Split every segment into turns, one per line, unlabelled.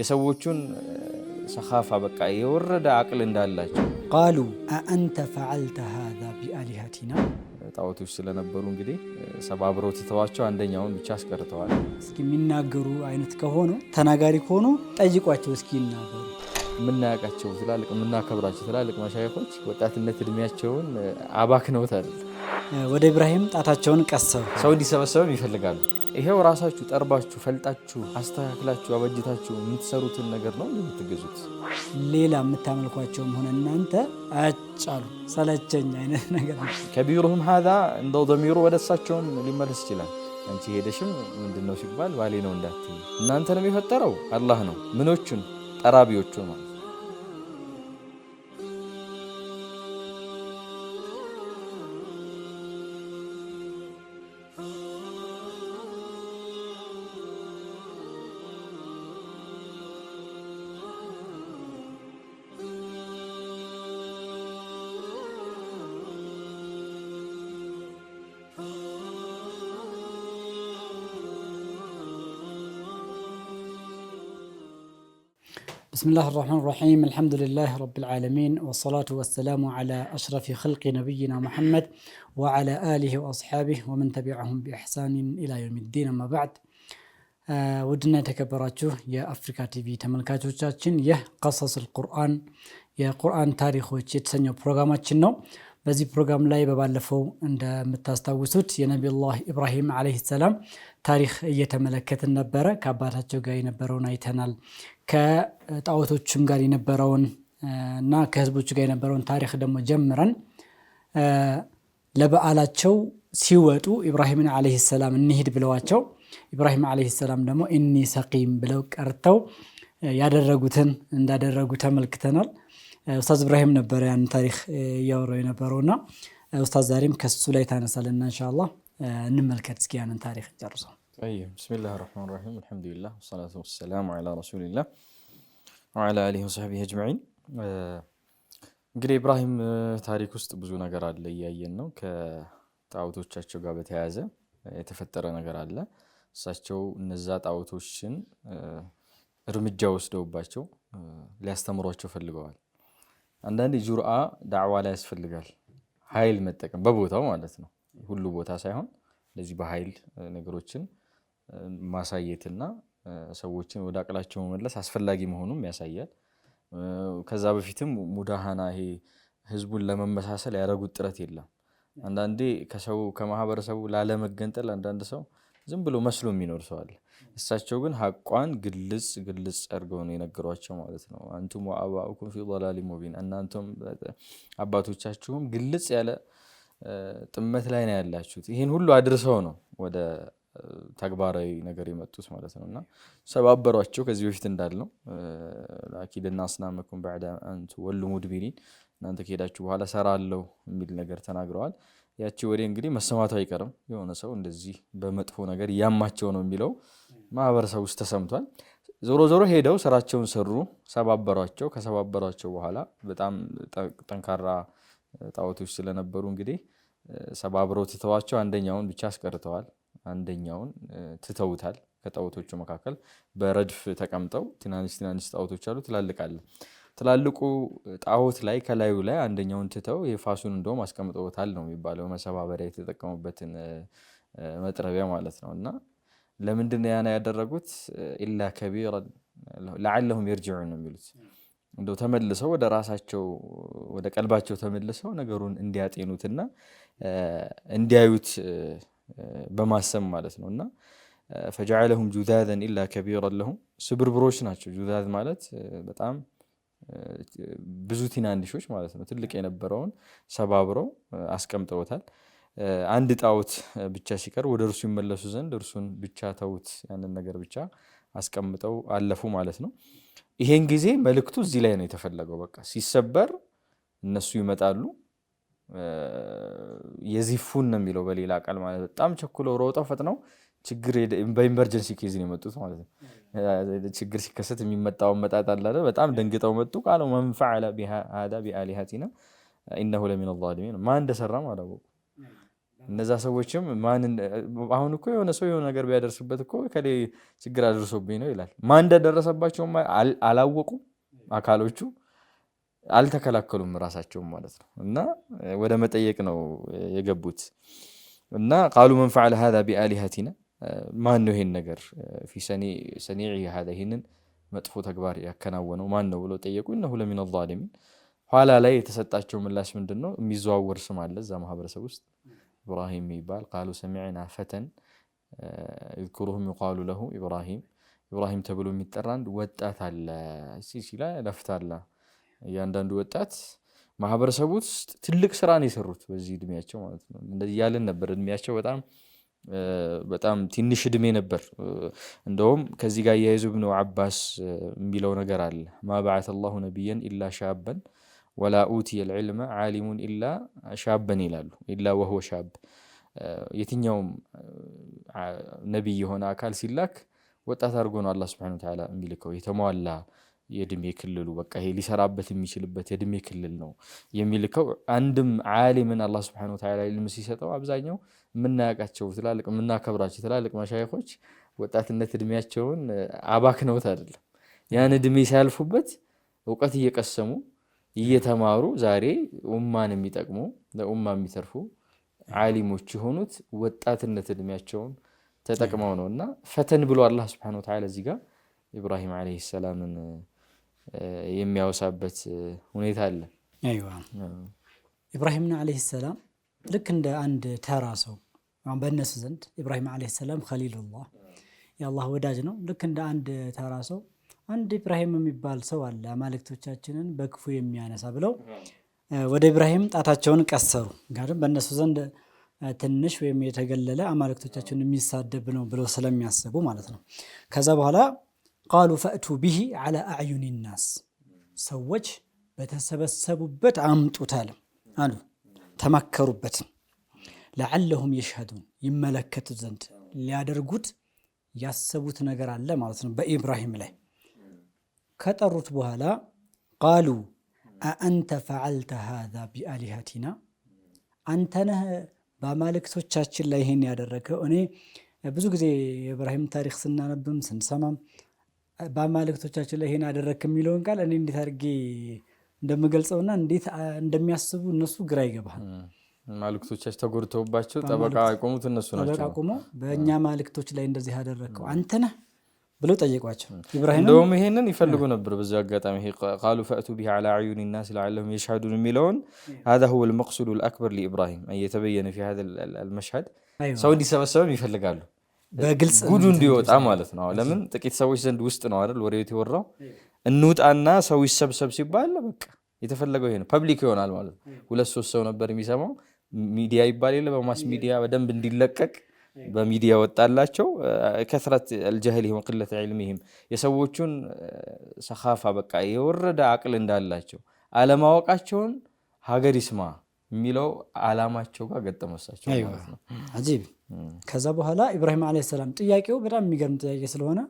የሰዎቹን ሰኻፋ በቃ የወረደ አቅል እንዳላቸው
ቃሉ አአንተ ፈዓልተ ሃዛ ቢአሊሃቲና
ጣዖቶች ስለነበሩ እንግዲህ ሰባብረው ትተዋቸው አንደኛውን ብቻ አስቀርተዋል።
እስኪ የሚናገሩ አይነት ከሆኑ ተናጋሪ ከሆኑ ጠይቋቸው እስኪ ይናገሩ።
የምናያቃቸው ትላልቅ የምናከብራቸው ትላልቅ መሻይኮች ወጣትነት እድሜያቸውን አባክነውታል።
ወደ ኢብራሂም ጣታቸውን ቀሰው
ሰው እንዲሰበሰብም ይፈልጋሉ። ይሄው ራሳችሁ ጠርባችሁ ፈልጣችሁ አስተካክላችሁ አበጅታችሁ የምትሰሩትን ነገር ነው የምትገዙት።
ሌላ የምታመልኳቸውም ሆነ እናንተ አጫሉ ሰለቸኝ አይነት ነገር ነው።
ከቢሩሁም ሀዛ እንደው ዘሚሩ ወደ እሳቸውም ሊመለስ ይችላል። አንቺ ሄደሽም ምንድን ነው ሲባል ባሌ ነው እናንተ ነው የፈጠረው አላህ ነው። ምኖቹን ጠራቢዎቹን ማለት بسم الله الرحمن الرحيم الحمد لله رب العالمين والصلاة والسلام على أشرف خلق نبينا محمد وعلى آله وأصحابه ومن تبعهم بإحسان إلى يوم الدين ما بعد ودنا تكبراتو يا ውድና የተከበራችሁ የአፍሪካ ቲቪ ተመልካቾቻችን ይህ ቀሰስ ቁርአን የቁርአን ታሪኮች የተሰኘው ፕሮግራማችን ነው። በዚህ ፕሮግራም ላይ በባለፈው እንደምታስታውሱት የነቢዩላህ ኢብራሂም ዓለይሂ ሰላም ታሪክ እየተመለከትን ነበረ። ከአባታቸው ጋር የነበረውን አይተናል። ከጣዖቶችም ጋር የነበረውን እና ከህዝቦች ጋር የነበረውን ታሪክ ደግሞ ጀምረን ለበዓላቸው ሲወጡ ኢብራሂምን ዓለይሂ ሰላም እንሂድ ብለዋቸው ኢብራሂም ዓለይሂ ሰላም ደግሞ እኒ ሰቂም ብለው ቀርተው ያደረጉትን እንዳደረጉ ተመልክተናል። ኡስታዝ እብራሂም ነበረ ያን ታሪክ እያወራው የነበረው እና ኡስታዝ ዛሬም ከሱ ላይ ታነሳልና እንሻላ እንመልከት እስኪ ያንን ታሪክ ጨርሰው። ብስሚላህ ረሕማን ረሒም አልሐምዱሊላህ ወሰላቱ ወሰላሙ ዐላ ረሱሊላህ ወዐላ አሊሂ ወሰሕቢሂ አጅመዒን። እንግዲህ ኢብራሂም ታሪክ ውስጥ ብዙ ነገር አለ፣ እያየን ነው። ከጣዖቶቻቸው ጋር በተያያዘ የተፈጠረ ነገር አለ። እሳቸው እነዛ ጣዖቶችን እርምጃ ወስደውባቸው ሊያስተምሯቸው ፈልገዋል። አንዳንዴ ጁርአ ዳዕዋ ላይ ያስፈልጋል። ኃይል መጠቀም በቦታው ማለት ነው። ሁሉ ቦታ ሳይሆን እንደዚህ በኃይል ነገሮችን ማሳየትና ሰዎችን ወደ አቅላቸው መመለስ አስፈላጊ መሆኑም ያሳያል። ከዛ በፊትም ሙዳሃና ይሄ ህዝቡን ለመመሳሰል ያደረጉት ጥረት የለም። አንዳንዴ ከሰው ከማህበረሰቡ ላለመገንጠል አንዳንድ ሰው ዝም ብሎ መስሎ የሚኖር ሰው አለ። እሳቸው ግን ሀቋን ግልጽ ግልጽ አድርገው ነው የነገሯቸው ማለት ነው። አንቱም ወአባኡኩም ፊ ላሊ ሙቢን፣ እናንተም አባቶቻችሁም ግልጽ ያለ ጥመት ላይ ነው ያላችሁት። ይህን ሁሉ አድርሰው ነው ወደ ተግባራዊ ነገር የመጡት ማለት ነው። እና ሰባበሯቸው ከዚህ በፊት እንዳልነው ና አስናመኩም በዕዳ አንቱ ወሉ ሙድቢሪን፣ እናንተ ከሄዳችሁ በኋላ ሰራለው የሚል ነገር ተናግረዋል። ያቺ ወሬ እንግዲህ መሰማቱ አይቀርም። የሆነ ሰው እንደዚህ በመጥፎ ነገር ያማቸው ነው የሚለው ማህበረሰብ ውስጥ ተሰምቷል። ዞሮ ዞሮ ሄደው ስራቸውን ሰሩ፣ ሰባበሯቸው። ከሰባበሯቸው በኋላ በጣም ጠንካራ ጣዖቶች ስለነበሩ እንግዲህ ሰባብረው ትተዋቸው አንደኛውን ብቻ አስቀርተዋል። አንደኛውን ትተውታል። ከጣዖቶቹ መካከል በረድፍ ተቀምጠው ትናንሽ ትናንሽ ጣዖቶች አሉ፣ ትላልቅ ትላልቁ ጣዖት ላይ ከላዩ ላይ አንደኛውን ትተው የፋሱን እንደውም አስቀምጠውታል ነው የሚባለው። መሰባበሪያ የተጠቀሙበትን መጥረቢያ ማለት ነው። እና ለምንድን ያና ያደረጉት ኢላ ከቢረን ለዓለሁም የርጅዑን ነው የሚሉት እንደው ተመልሰው ወደ ራሳቸው ወደ ቀልባቸው ተመልሰው ነገሩን እንዲያጤኑትና እንዲያዩት በማሰብ ማለት ነው። እና ፈጀዐለሁም ጁዛዘን ኢላ ከቢረን ለሁም ስብርብሮች ናቸው። ጁዛዝ ማለት በጣም ብዙ ቲናንሾች ማለት ነው ትልቅ የነበረውን ሰባብረው አስቀምጠውታል። አንድ ጣዖት ብቻ ሲቀር ወደ እርሱ ይመለሱ ዘንድ እርሱን ብቻ ተዉት፣ ያንን ነገር ብቻ አስቀምጠው አለፉ ማለት ነው። ይሄን ጊዜ መልእክቱ እዚህ ላይ ነው የተፈለገው። በቃ ሲሰበር እነሱ ይመጣሉ። የዚፉን ነው የሚለው በሌላ ቃል ማለት በጣም ቸኩለው ሮጠው ፈጥነው ችግር በኢመርጀንሲ ኬዝ ነው የመጡት ማለት ነው። ችግር ሲከሰት የሚመጣውን መጣት አላለ። በጣም ደንግጠው መጡ። ቃለው መን ፈዐለ ቢሃዛ ቢአሊሀቲና ኢነሁ ለሚነ ዛሊሚን። ማን እንደሰራም አላወቁ። እነዛ ሰዎችም አሁን እኮ የሆነ ሰው የሆነ ነገር ቢያደርስበት እኮ ከሌ ችግር አድርሶብኝ ነው ይላል። ማን እንደደረሰባቸውም አላወቁም። አካሎቹ አልተከላከሉም ራሳቸውም ማለት ነው። እና ወደ መጠየቅ ነው የገቡት እና ቃሉ መን ፈዐለ ሀዛ ቢአሊሀቲና ማን ነው ይሄን ነገር ፊ ሰኒ ሀ ይህንን መጥፎ ተግባር ያከናወነው ማን ነው ብሎ ጠየቁ። እነሁ ለሚን ዛሊሚን። ኋላ ላይ የተሰጣቸው ምላሽ ምንድን ነው? የሚዘዋወር ስም አለ እዛ ማህበረሰብ ውስጥ ኢብራሂም የሚባል ቃሉ ሰሚዕና ፈተን ይዝኩሩሁም ይቃሉ ለሁ ኢብራሂም ኢብራሂም ተብሎ የሚጠራ አንድ ወጣት አለ ሲላ ለፍታላ እያንዳንዱ ወጣት ማህበረሰቡ ውስጥ ትልቅ ስራ ነው የሰሩት በዚህ እድሜያቸው ማለት ነው። እንደዚህ እያልን ነበር እድሜያቸው በጣም በጣም ትንሽ እድሜ ነበር። እንደውም ከዚህ ጋር አያይዞ ኢብኑ አባስ የሚለው ነገር አለ። ማ በዓተ አላሁ ነቢየን ኢላ ሻበን ወላ ኡቲየ ልዕልመ ዓሊሙን ኢላ ሻበን ይላሉ። ኢላ ወህወ ሻብ። የትኛውም ነቢይ የሆነ አካል ሲላክ ወጣት አድርጎ ነው አላህ ሱብሓነሁ ወተዓላ የሚልከው የተሟላ የእድሜ ክልሉ በቃ ይሄ ሊሰራበት የሚችልበት የእድሜ ክልል ነው የሚልከው። አንድም ዓሊምን አላህ ስብሐነሁ ወተዓላ ዕልም ሲሰጠው አብዛኛው የምናያውቃቸው ትላልቅ የምናከብራቸው ትላልቅ መሻይኮች ወጣትነት እድሜያቸውን አባክነውት አይደለም። ያን እድሜ ሳያልፉበት እውቀት እየቀሰሙ እየተማሩ ዛሬ ኡማን የሚጠቅሙ ለኡማ የሚተርፉ ዓሊሞች የሆኑት ወጣትነት እድሜያቸውን ተጠቅመው ነው እና ፈተን ብሎ አላህ ስብሐነሁ ወተዓላ እዚህ ጋር ኢብራሂም ዓለይሂ ሰላምን የሚያወሳበት ሁኔታ አለ።
ኢብራሂምና ዓለይሂ ሰላም ልክ እንደ አንድ ተራ ሰው በእነሱ ዘንድ ኢብራሂም ዓለይሂ ሰላም ኸሊሉላህ የአላህ ወዳጅ ነው። ልክ እንደ አንድ ተራ ሰው አንድ ኢብራሂም የሚባል ሰው አለ አማልክቶቻችንን በክፉ የሚያነሳ ብለው ወደ ኢብራሂም ጣታቸውን ቀሰሩ። ምክንያቱም በእነሱ ዘንድ ትንሽ ወይም የተገለለ አማልክቶቻችን የሚሳደብ ነው ብለው ስለሚያስቡ ማለት ነው። ከዛ በኋላ ቃሉ ፈእቱ ብሂ ዓላ አዕዩኒ ናስ ሰዎች በተሰበሰቡበት አምጡታል አሉ። ተማከሩበት ለዓለሁም የሽሀዱን ይመለከቱት ዘንድ ሊያደርጉት ያሰቡት ነገር አለ ማለት ነው። በኢብራሂም ላይ ከጠሩት በኋላ ቃሉ አአንተ ፈዓልተ ሃዛ ቢአሊሃቲና አንተ ነህ በአማልክቶቻችን ላይ ይህን ያደረገው። እኔ ብዙ ጊዜ የኢብራሂም ታሪክ ስናነብም ስንሰማም በአማልክቶቻችን ላይ ይሄን አደረግክ የሚለውን ቃል እኔ እንዴት አድርጌ እንደምገልጸውና እንዴት እንደሚያስቡ እነሱ ግራ ይገባል።
ማልክቶቻች ተጎድተውባቸው ጠበቃ የቆሙት እነሱ ናቸው። ጠበቃ ቆመው
በእኛ ማልክቶች ላይ እንደዚህ ያደረግከው አንተ ነህ ብለው ጠየቋቸው።
ኢብራሂም እንደውም ይሄንን ይፈልጉ ነበር። በዚ አጋጣሚ ቃሉ ፈእቱ ቢሂ ላ አዩን ናስ ለዐለሁም የሽሀዱን የሚለውን ሀ ሁ ልመቅሱዱ ልአክበር ሊኢብራሂም እየተበየነ ፊ ሀ ልመሽሀድ ሰው እንዲሰበሰበም ይፈልጋሉ በግልጽ ጉዱ እንዲወጣ ማለት ነው። ለምን ጥቂት ሰዎች ዘንድ ውስጥ ነው አይደል ወሬ የተወራው። እንውጣና ሰው ይሰብሰብ ሲባል በቃ የተፈለገው ይሄ ነው። ፐብሊክ ይሆናል ማለት ነው። ሁለት ሶስት ሰው ነበር የሚሰማው። ሚዲያ ይባል የለ በማስ ሚዲያ በደንብ እንዲለቀቅ በሚዲያ ወጣላቸው። ከስረት አልጀህል አልጀህሊሂም ወቅለት ዒልሚሂም የሰዎቹን ሰኻፋ በቃ የወረደ አቅል እንዳላቸው አለማወቃቸውን ሀገር ይስማ። የሚለው አላማቸው ጋር ገጠመሳቸው
ማለት ነው። አጂብ ከዛ በኋላ ኢብራሂም ዓለይሂ ሰላም ጥያቄው በጣም የሚገርም ጥያቄ ስለሆነ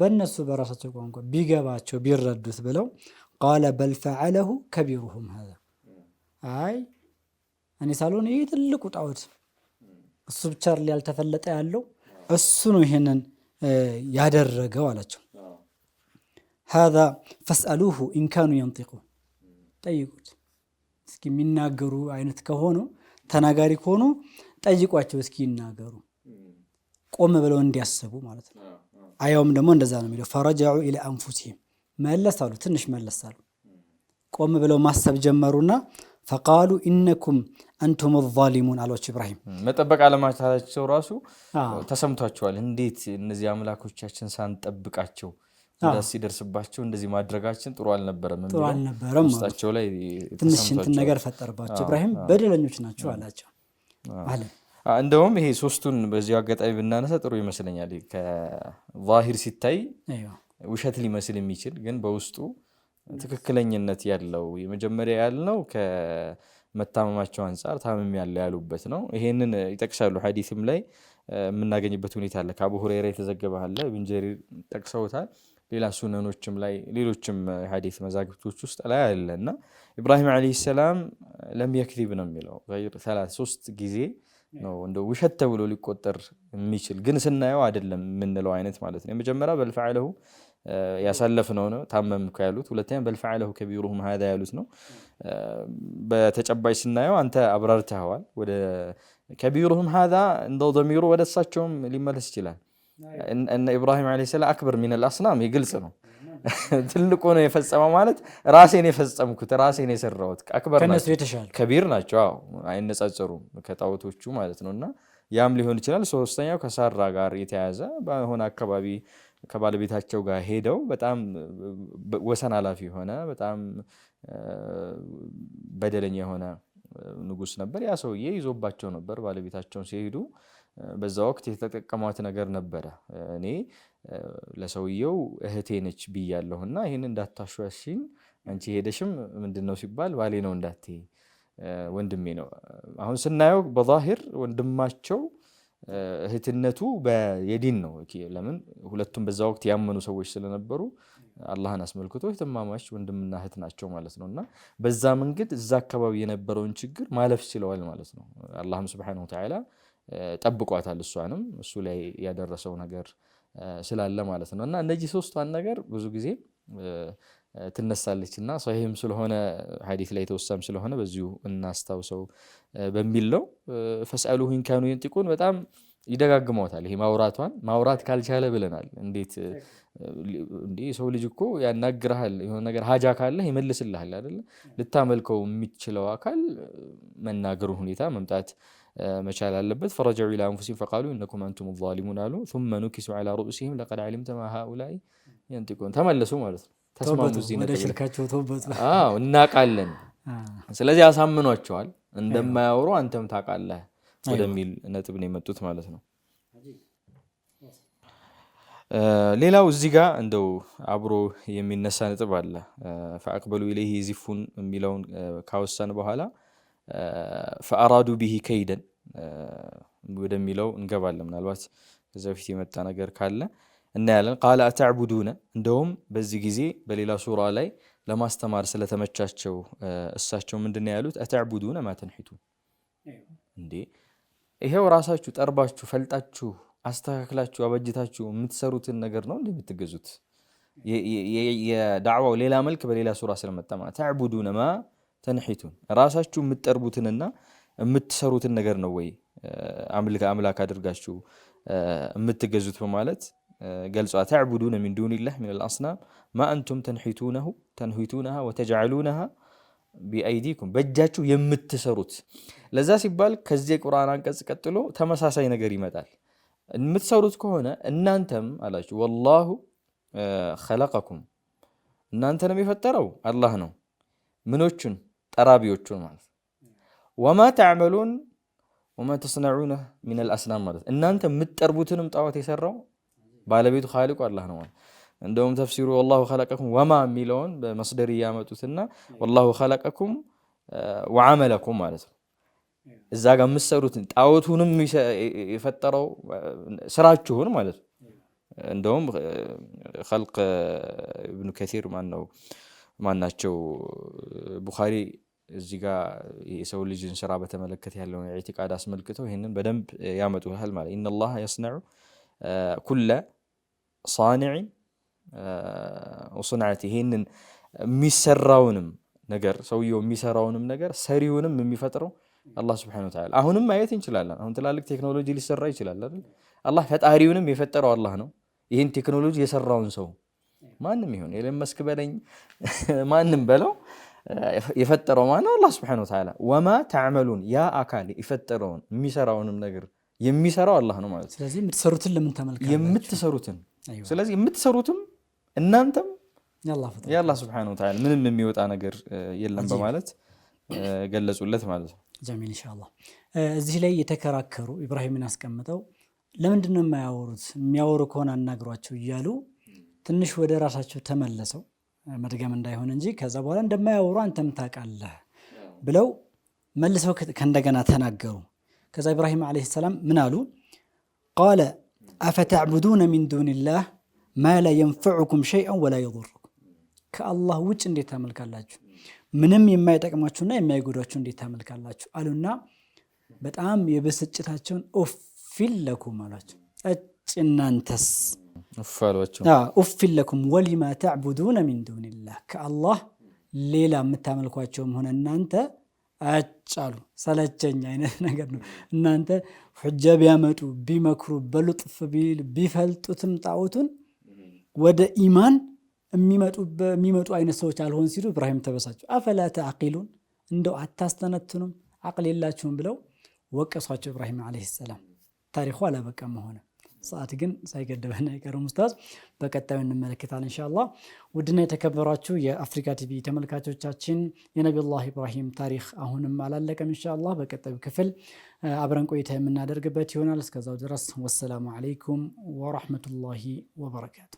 በእነሱ በራሳቸው ቋንቋ ቢገባቸው ቢረዱት ብለው ቃለ በል ፈዐለሁ ከቢሩሁም ሀዛ አይ እኔ ሳልሆን ይህ ትልቁ ጣዖት እሱ ብቻ ያልተፈለጠ ያለው እሱ ነው ይሄንን ያደረገው አላቸው። ሀዛ ፈስአሉሁ ኢንካኑ የንጢቁ ጠይቁት እስኪ የሚናገሩ አይነት ከሆኑ ተናጋሪ ከሆኑ ጠይቋቸው እስኪ ይናገሩ፣ ቆም ብለው እንዲያስቡ ማለት ነው። አያውም ደግሞ እንደዛ ነው የሚለው ፈረጃዑ ኢለ አንፉሲህም መለስ አሉ፣ ትንሽ መለስ አሉ። ቆም ብለው ማሰብ ጀመሩና ፈቃሉ ኢነኩም አንቱም ዛሊሙን አሎች። ኢብራሂም
መጠበቅ አለማታቸው ራሱ ተሰምቷቸዋል። እንዴት እነዚህ አምላኮቻችን ሳንጠብቃቸው ጉዳት ሲደርስባቸው እንደዚህ ማድረጋችን ጥሩ አልነበረም
ጥሩ አልነበረም። ውስጣቸው ላይ ትንሽ እንትን ነገር ፈጠርባቸው። ኢብራሂም በደለኞች ናቸው አላቸው
አለ። እንደውም ይሄ ሶስቱን በዚህ አጋጣሚ ብናነሳ ጥሩ ይመስለኛል። ከዛሂር ሲታይ ውሸት ሊመስል የሚችል ግን በውስጡ ትክክለኝነት ያለው የመጀመሪያ ያልነው ከመታመማቸው አንጻር ታምም ያለ ያሉበት ነው። ይሄንን ይጠቅሳሉ ሀዲትም ላይ የምናገኝበት ሁኔታ አለ። ከአቡ ሁረይራ የተዘገበ አለ። ኢብን ጀሪር ጠቅሰውታል። ሌላ ሱነኖችም ላይ ሌሎችም ሀዲት መዛግብቶች ውስጥ ላይ አለ እና ኢብራሂም ዓለይሂ ሰላም ለም የክዚብ ነው የሚለው ሶስት ጊዜ ነው እንደ ውሸት ተብሎ ሊቆጠር የሚችል ግን ስናየው አይደለም የምንለው አይነት ማለት ነው። የመጀመሪያ በልፈዓለሁ ያሳለፍነው ነው ታመምኩ ያሉት፣ ሁለተኛ በልፈዓለሁ ከቢሩሁም ሀዛ ያሉት ነው። በተጨባጭ ስናየው አንተ አብራርተኸዋል። ወደ ከቢሩሁም ሀዛ እንደው ዘሚሩ ወደ እሳቸውም ሊመለስ ይችላል እነ ኢብራሂም ዓለይሂ ሰላም አክበር ሚነል አስናም ግልጽ ነው። ትልቁ ነው የፈጸመው ማለት ራሴን የፈጸምኩት ራሴን የሰራሁት አክበር ከቢር ናቸው፣ አይነጻጸሩም ከጣዖቶቹ ማለት ነው። እና ያም ሊሆን ይችላል። ሶስተኛው ከሳራ ጋር የተያያዘ በሆነ አካባቢ ከባለቤታቸው ጋር ሄደው በጣም ወሰን አላፊ የሆነ በጣም በደለኛ የሆነ ንጉስ ነበር። ያ ሰውዬ ይዞባቸው ነበር ባለቤታቸውን ሲሄዱ በዛ ወቅት የተጠቀሟት ነገር ነበረ። እኔ ለሰውየው እህቴ ነች ብያለሁ እና ይህን እንዳታሸሽኝ አንቺ ሄደሽም ምንድን ነው ሲባል ባሌ ነው እንዳትዪ ወንድሜ ነው። አሁን ስናየው በዛሂር ወንድማቸው እህትነቱ የዲን ነው። ለምን ሁለቱም በዛ ወቅት ያመኑ ሰዎች ስለነበሩ አላህን አስመልክቶ እህትማማች ወንድምና እህት ናቸው ማለት ነው። እና በዛ መንገድ እዛ አካባቢ የነበረውን ችግር ማለፍ ችለዋል ማለት ነው። አላህም ሱብሓነሁ ወተዓላ ጠብቋታል። እሷንም እሱ ላይ ያደረሰው ነገር ስላለ ማለት ነው። እና እነዚህ ሶስቷን ነገር ብዙ ጊዜ ትነሳለች እና ሰሂህም ስለሆነ ሀዲት ላይ የተወሳም ስለሆነ በዚሁ እናስታውሰው በሚል ነው። ፈስአሉሁን ሁንካኑ የንጢቁን በጣም ይደጋግመውታል። ይሄ ማውራቷን ማውራት ካልቻለ ብለናል። እንዴት እንዲህ ሰው ልጅ እኮ ያናግርሃል። የሆነ ነገር ሀጃ ካለ ይመልስልሃል አይደለ? ልታመልከው የሚችለው አካል መናገሩን ሁኔታ መምጣት መቻል አለበት። ፈረጀዑ ኢላ አንፉሲሂም ፈቃሉ ኢነኩም አንቱም ዛሊሙን አሉ ሱመ ኑኪሱ ዐላ ሩኡሲሂም ለቀድ ዐሊምተ ማ ሃኡላኢ የንጢቁን ተመለሱ ማለት ነው። ተስማሙ፣ እዚህ እናቃለን። ስለዚህ አሳምኗቸዋል፣ እንደማያወሩ አንተም ታውቃለህ ወደሚል ነጥብ ነው የመጡት ማለት ነው። ሌላው እዚህ ጋር እንደው አብሮ የሚነሳ ነጥብ አለ። ፈአቅበሉ ኢለይህ የዚፉን የሚለውን ካወሳን በኋላ ፈአራዱ ቢሂ ከይደን ወደሚለው እንገባለን። ምናልባት ከዚያ በፊት የመጣ ነገር ካለ እናያለን። ቃለ አተዕቡዱነ እንደውም በዚህ ጊዜ በሌላ ሱራ ላይ ለማስተማር ስለተመቻቸው እሳቸው ምንድን ነው ያሉት? አተዕቡዱነ ማተንሒቱ እንዴ ይሄው ራሳችሁ ጠርባችሁ ፈልጣችሁ አስተካክላችሁ አበጅታችሁ የምትሰሩትን ነገር ነው እንደ የምትገዙት። የዳዕዋው ሌላ መልክ በሌላ ሱራ ስለመጣ ተዕቡዱነ ማ ተንሒቱን ራሳችሁ የምትጠርቡትንና የምትሰሩትን ነገር ነው ወይ አምላክ አድርጋችሁ የምትገዙት በማለት ገልጿ ተዕቡዱነ ሚን ዱንላህ ሚን አልአስናም ማ አንቱም ተንሒቱነሁ ተንሒቱነሃ ወተጅዓሉነሃ ቢአይዲኩም በእጃችሁ የምትሰሩት። ለዛ ሲባል ከዚህ የቁርአን አንቀጽ ቀጥሎ ተመሳሳይ ነገር ይመጣል። የምትሰሩት ከሆነ እናንተም አላችሁ ወላሁ ኸለቀኩም እናንተንም የፈጠረው አላህ ነው። ምኖቹን ጠራቢዎቹን ማለት ወማ ተዕመሉን ወማ ተስነዑነ ሚነል አስናም ማለት እናንተ የምትጠርቡትንም ጣዖት የሰራው ባለቤቱ ኻሊቁ አላህ ነው። እንደውም ተፍሲሩ ወላሁ ኸለቀኩም ወማ የሚለውን በመስደር እያመጡትና ወላሁ ኸለቀኩም ወዓመለኩም ማለት ነው። እዛ ጋር የምትሰሩትን ጣዖቱንም የፈጠረው ስራችሁን ማለት ነው። እንደውም ኸልቅ ኢብኑ ከሲር ማነው ማናቸው ቡኻሪ እዚህ ጋር የሰው ልጅን ስራ በተመለከተ ያለውን ኢዕቲቃድ አስመልክተው ይህንን በደንብ ያመጡታል። ማለት ኢነላህ የስነዑ ኩለ ሳኒዕን ወሱንዓቲ ይህንን የሚሰራውንም ነገር ሰውየው የሚሰራውንም ነገር ሰሪውንም የሚፈጥረው አላህ ስብሐነ ወተዓላ። አሁንም ማየት እንችላለን። አሁን ትላልቅ ቴክኖሎጂ ሊሰራ ይችላል አይደል? አላህ ፈጣሪውንም የፈጠረው አላህ ነው። ይህን ቴክኖሎጂ የሰራውን ሰው ማንም ይሁን ኤለን መስክ በለኝ ማንም በለው የፈጠረው ማነው? አላህ ስብሐነሁ ወተዓላ። ወማ ተዕመሉን ያ አካል የፈጠረውን የሚሰራውንም ነገር የሚሰራው አላህ ነው ማለት
ስለዚህ የምትሰሩትን ለምን
የምትሰሩትን ስለዚህ የምትሰሩትም እናንተም የአላህ ስብሐነሁ ወተዓላ ምንም የሚወጣ ነገር የለም በማለት ገለጹለት ማለት ነው።
ጀሚል ኢንሻአላህ። እዚህ ላይ የተከራከሩ ኢብራሂምን አስቀምጠው ለምንድነው የማያወሩት? የሚያወሩ ከሆነ አናግሯቸው እያሉ ትንሽ ወደ ራሳቸው ተመለሰው መድገም እንዳይሆን እንጂ ከዛ በኋላ እንደማያወሩ አንተም ታውቃለህ ብለው መልሰው ከእንደገና ተናገሩ። ከዛ ኢብራሂም ዓለይሂ ሰላም ምን አሉ? ቃለ አፈተዕቡዱነ ሚን ዱኒላህ ማ ላ የንፈዑኩም ሸይአን ወላ የዱርኩም። ከአላህ ውጭ እንዴት ታመልካላችሁ? ምንም የማይጠቅማችሁና የማይጎዳችሁ እንዴት ታመልካላችሁ? አሉና በጣም የብስጭታቸውን ኦፊል ለኩም አሏቸው። ጨጭ እናንተስ ኡፊን ለኩም ወሊማ ተዕቡዱነ ሚን ዱንላህ ከአላህ ሌላ የምታመልኳቸውም ሆነ እናንተ አጫሉ ሰለቸኝ አይነት ነገር ነው። እናንተ ሁጃ ቢያመጡ ቢመክሩ በልጥፍ ቢፈልጡትም ጣዖቱን ወደ ኢማን የሚመጡ አይነት ሰዎች አልሆን ሲሉ ኢብራሂም ተበሳቸው። አፈላ ተአቂሉን እንደው አታስተነትኑም፣ አቅል የላችሁም ብለው ወቀሷቸው። ኢብራሂም ዓለይሂ ሰላም ታሪኩ አላበቃም ሆነ። ሰዓት ግን ሳይገድበን አይቀርም ኡስታዝ። በቀጣዩ እንመለከታል እንሻላ። ውድና የተከበራችሁ የአፍሪካ ቲቪ ተመልካቾቻችን የነቢዩላህ ኢብራሂም ታሪክ አሁንም አላለቀም። እንሻላ በቀጣዩ ክፍል አብረን ቆይታ የምናደርግበት ይሆናል። እስከዛው ድረስ ወሰላሙ ዓለይኩም ወራህመቱላሂ ወበረካቱ።